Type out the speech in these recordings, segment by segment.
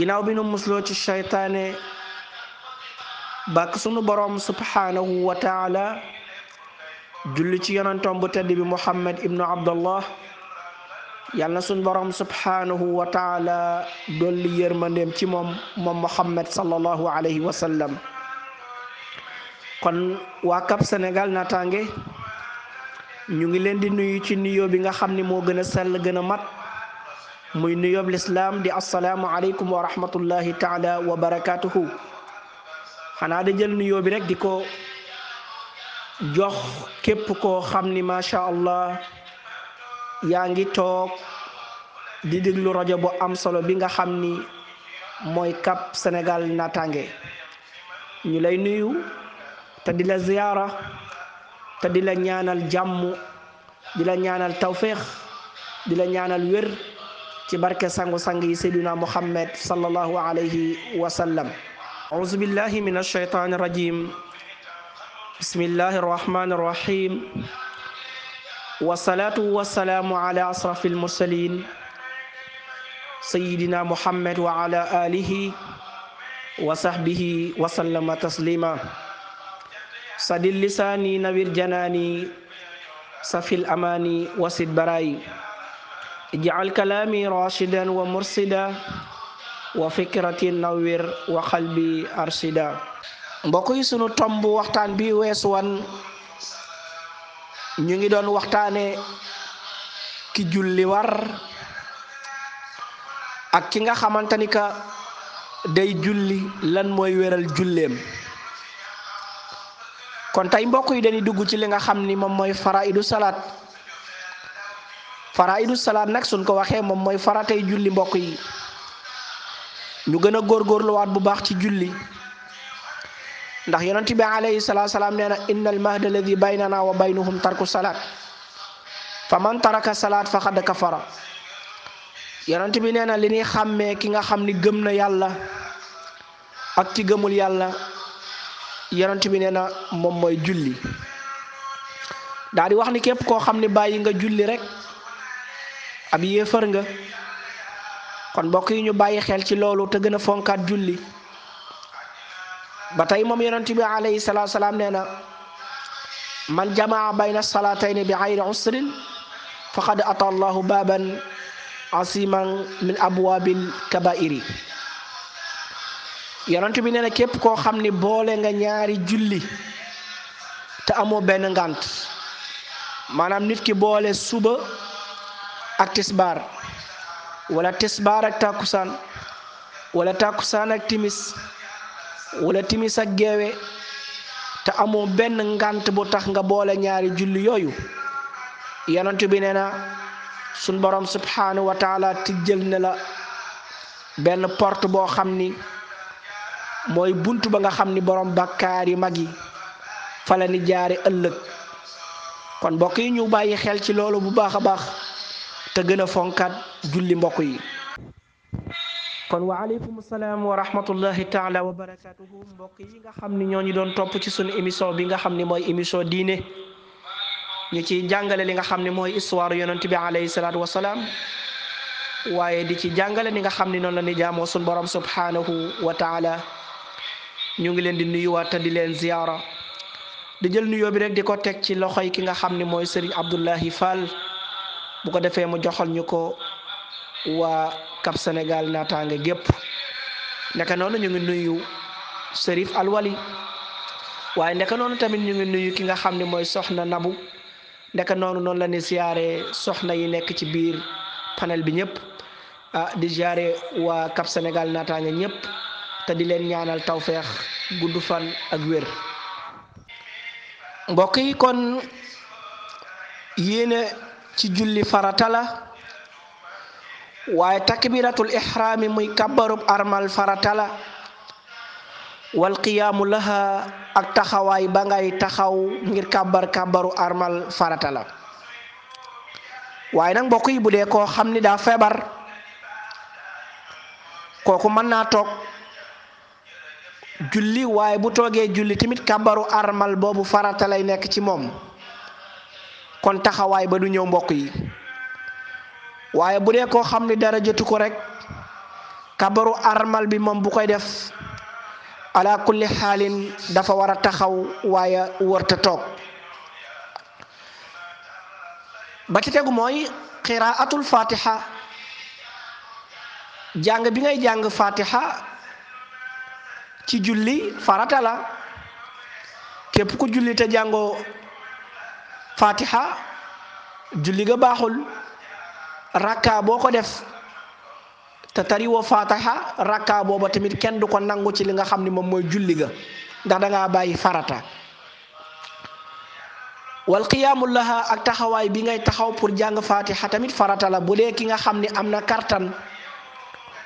ginnaaw bi nu musloo ci seytaane bàkk sunu boroom subhaanahu wa taala julli ci yonentoom bu tedd bi muhammad ibnu abdullah yàlla na sunu boroom subhaanahu wa taala dolli yërmandeem ci moom moom muhammad sallallahu alayhi wa sallam kon waa Cap Sénégal naataange ñu ngi leen di nuyu ci nuyoo bi nga xam ni moo gën a sell gën a mat muy nuyoob lislaam di assalaamu aleykum wa rahmatullahi taala wa barakaatuhu xanaa da jël nuyoo bi rek di ko jox képp koo xam ni macha allah yaa ngi toog di déglu rajo bu am solo bi nga xam ni mooy kap Sénégal naataange ñu lay nuyu te di la ziyaara te di la ñaanal jàmm di la ñaanal tawféex di la ñaanal wér ci barke sangu-sang yi seyduna muhammad sallallahu alayhi wa sallam أعوذ بالله من الشيطان الرجيم بسم الله الرحمن الرحيم والصلاة والسلام على أشرف المرسلين سيدنا محمد وعلى آله وصحبه وسلم تسليما سد لساني نوير جناني سفي الأماني وسد برائي Ija'al كلامي راشدا wa وفكرتي wa وقلبي nawir wa yi sunu tomb waxtaan bi wees wan ñu ngi doon waktane Kijul liwar war ak ki nga ka day julli lan mooy wéral julleem kon tey mbokk yi dañuy dugg ci li nga faraidu salat. faraidu salaat nag suñ ko waxee moom mooy faratay julli mbokk yi ñu gën a góorgóorluwaat bu baax ci julli ndax yonent bi alayhi salaatu salaam nee na innal mahda alladi baynana salaat fa man bi nee na li ñuy xàmmee ki nga xam ni gëm na yàlla ak ci gëmul yàlla yonent bi nee na moom mooy julli daal wax ni képp koo xam ni bàyyi nga julli rekk ab yéefar nga kon mbokk yi ñu bàyyi xel ci loolu te gën a fonkaat julli ba tey moom yonent bi alayhi salaatu salaam nee na man jamaa bayna salaatayni bi xayri usrin faqad ata allahu baaban asiman min abwaabil kabairi yonent nee na képp koo xam ni boole nga ñaari julli te amoo benn ngant maanaam nit ki boole suba ak tisbaar wala tisbaar ak takkusaan wala takkusaan ak timis wala timis ak geewe te amoo benn ngant bu tax nga boole ñaari julli yooyu yonent bi nee na sun borom subhanahu wa taala tijjël ne la benn porte boo xam ni mooy bunt ba nga xam ni borom bakkaar yi mag yi fala ni jaare ëllëg kon mbokk yi ñu bàyyi xel ci loolu bu baax a baax te gën a fonkaat julli mbokk yi kon waaleykum salaam wa rahmatullahi taala wa barakatuh mbokk yi nga xamni ñoo ñi doon top ci sun émission bi nga xamni moy émission diine ñu ci jàngale li nga xamni moy histoire yonnati bi alayhi salatu wa salam waye di ci jàngale ni nga xamni non la ni jamo sun borom subhanahu wa taala ñu ngi leen di nuyu wa te di leen ziyara di jël nuyoo bi rek di ko teg ci loxoy ki nga xamni moy Serigne Abdoulahi Fall bu ko defee mu joxal ñu ko waa Cap Sénégal naataange gépp ndeke noonu ñu ngi nuyu Serif Alwali waaye ndeke noonu tamit ñu ngi nuyu ki nga xam ne mooy soxna Nabu ndeke noonu noonu la ni siyaare soxna yi nekk ci biir panel bi ñépp ah di siyaare waa Cap Sénégal naataange ñëpp te di leen ñaanal tawfeex gudd fan ak wér mbokk kon yéene ci julli faratala la waaye takbiratul ihraami muy kàbbarub armal farata la wal qiyaamu ak taxawaay ba ngay taxaw ngir kàbbar kàbbaru armal farata waaye na mbokk yi bu dee ko xam ni daa feebar kooku mën naa toog julli waaye bu toogee julli tamit kàbbaru armal boobu farata lay nekk ci moom kon taxaway ba du ñew mbokk yi waye bu dee ko xamni dara ko rek kabaru armal bi mom bu koy def ala kulli halin dafa wara taxaw waya wërta tok ba ci tegu moy qiraatul fatiha jang bi ngay jang fatiha ci julli farata la kep ku julli te fatiha julli baaxul rakka boo ko def te tariwoo fatiha rakka booba tamit kenn du ko nangu ci li nga xam ni moom mooy julli ga ndax dangaa bàyyi farata wal qiyaamu laha ak taxawaay bi ngay taxaw pour jàng fatiha tamit farata la bu dee ki nga xam ni am na kartan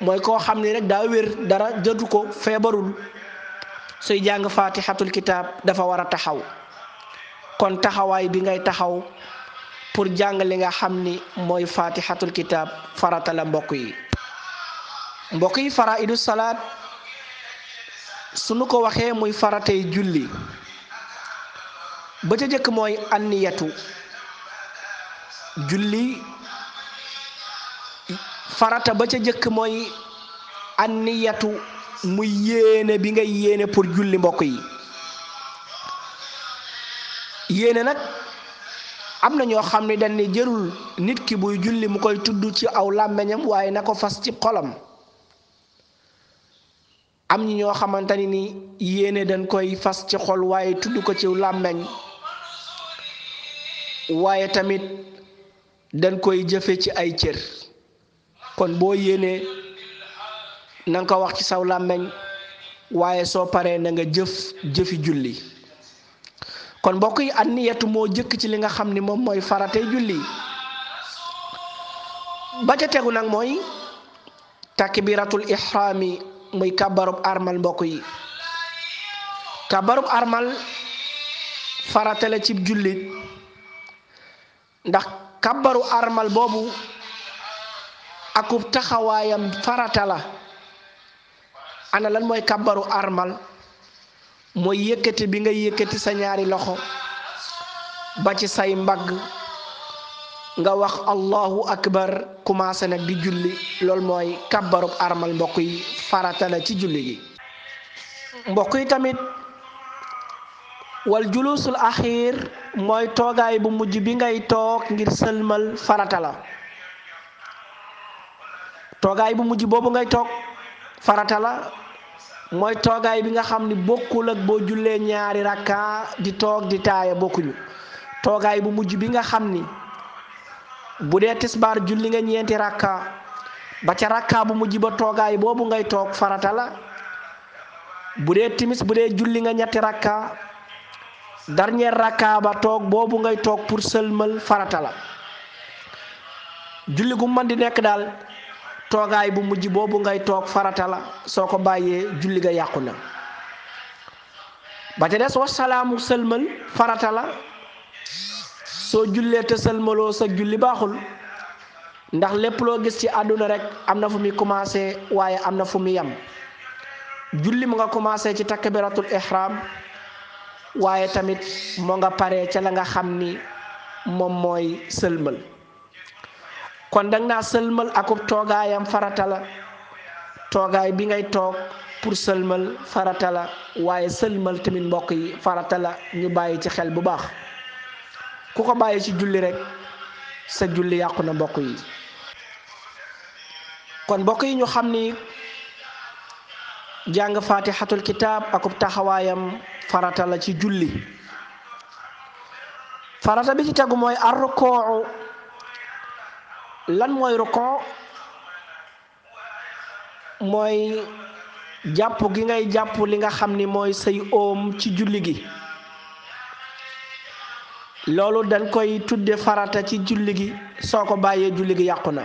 mooy koo xam ni rek daa wér dara jëtu ko feebarul suy jàng fatihatul kitaab dafa war a taxaw kon taxawaay bi ngay taxaw pour jàng li nga xam ni fatihatul kitab farata la mbokk yi mbokk yi faraidu salaat sunu ko waxee muy faratay julli ba ca jëkk mooy anniyatu julli farata ba ca jëkk mooy anniyatu muy yéene bi ngay yéene pour julli mbokk yi yene nak am ño xamni dañ ni jërul nit ki buy julli mu koy tuddu ci aw lamagnam waye nako ko fas ci xolam am ñi ñoo xamantani ni yéene dañ koy fas ci xol waaye tudd ko ci làmmeñ waaye tamit dañ koy jëfe ci ay cër kon boo yene na nga ko wax ci saw làmmeñ waaye soo paree na nga jëf jëfi julli kon mbokk yi an niyatu moo jëkk ci li nga xam ni moom mooy faratay julli ba ca tegu nag mooy takbiratul ihrami muy kabarub armal mbokk yi kabarub armal farata la ci jullit ndax kabaru armal boobu akub taxawaayam farata la ana lan mooy kabaru armal moy yëkkati bi nga yëkkati sa ñaari loxo ba ci say mbagg nga wax allahu akbar commencé nag di julli loolu mooy kàbbarub armal mbokk yi farata la ci julli gi mbokk yi tamit wal julusul axiir mooy toogaay bu mujj bi ngay toog ngir sëlmal farata la toogaay bu mujj boobu ngay toog farata la Moy togay bi nga xamni bokul ak bo julle ñaari rakka di tok di taaya bokkuñu togay bu mujj bi nga xamni ni bu dee tisbaar julli nga ñenti rakka ba ca rakka bu mujj ba togay bobu ngay tok farata la bu timis bu julli nga ñetti rakka dernier rakka ba tok bobu ngay tok pour seulmal farata la julli gu man di nek dal togaay bu mujj boobu ngay toog farata la soo ko bàyyee julli ga yàqu na ba ca des wasalaamu sëlmal farata la soo jullee te sëlmaloo sa julli baaxul ndax lépp loo gis ci àdduna rek am na fu muy commencé waaye am na yam julli mu nga commencé ci takbiratul ihram waaye tamit moo nga paree ca la nga xam ni moom mooy kon dang naa sëlmal akub toogaayam farata la toogaay bi ngay toog pour sëlmal farata waaye sëlmal tamit mbokk yi faratala ñu bàyyi ci xel bu baax ku ko bàyyi ci julli rek sa julli yàqu na mbokk yi kon mbokk yi ñu xam ni jàng faatixatul kitaab akub taxawaayam farata la ci julli farata bi ci tegu mooy arrukoo lan moy ruko moy japp gi ngay japp li nga xamni moy say oom ci julli gi loolu dañ koy tudde farata ci julli gi soko baye julli gi yakuna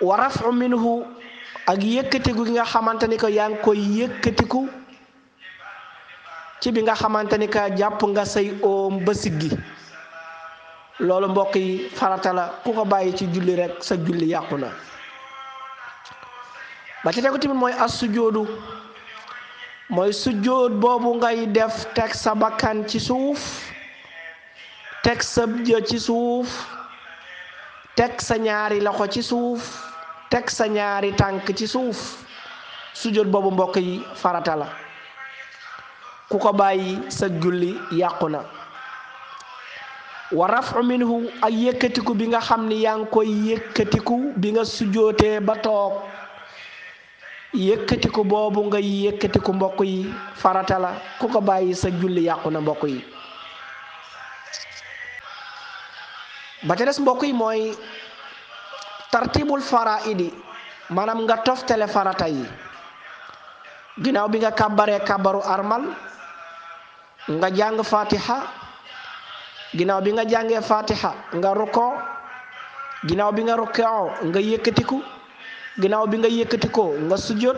wa rafu minhu ak yekati gu nga xamante ko yang koy yekati ku ci bi nga xamante ka japp nga say oom ba siggi loolu mbokk yi farata la ku ko bàyyi ci julli rekk sa julli yàqu na ba ci tegu tamit mooy as sujoodu mooy sujood boobu ngay def teg sa bakkan ci suuf teg sa jë ci suuf teg sa ñaari loxo ci suuf teg sa ñaari tànk ci suuf sujood boobu mbokk yi farata la ku ko bàyyi sa julli yàqu na wa raf'u minhu ay yëkkatiku bi nga xamni ni koy yëkkatiku bi nga sujote ba tok yëkkatiku bobu nga yëkkatiku mbok yi farata la ku ko bayyi sa julli yakuna mbok yi ba ca dess mbok yi moy tartibul faraidi manam nga toftale farata yi ginaaw bi nga kàbbaree kàbbaru armal nga jang fatiha ginnaaw bi nga jàngee fatiha nga rukkoo ginnaaw bi nga rukkoo nga yëkkatiku ginnaaw bi nga yëkkatikoo nga sujjóot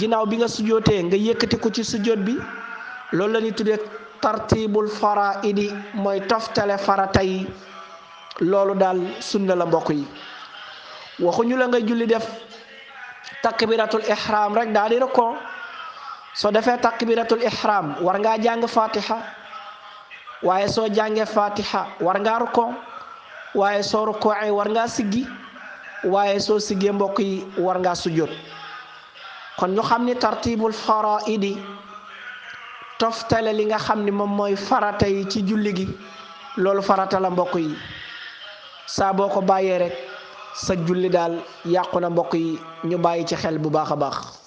ginnaaw bi nga sujjóotee nga yëkkatiku ci sujjóot bi loolu la ñuy tuddee tartibul faraidi mooy toftale farata loolu daal sunna la mbokk yi waxuñu la nga julli def biiratul ihram rek daal di rukkoo soo defee takbiratul ihram war ngaa jàng fatiha waaye soo jàngee fatiha war ngaa rukkoo waaye soo rukkooee war ngaa siggi waaye soo siggee mbokk yi war ngaa sujjóot kon ñu xam ni tartibul faraidi toftale li nga xam ni moom mooy farata ci julli gi loolu farata la mbokk yi saa boo ko bàyyee rek sa julli daal yàqu na mbokk yi ñu bàyyi ci xel bu baax a baax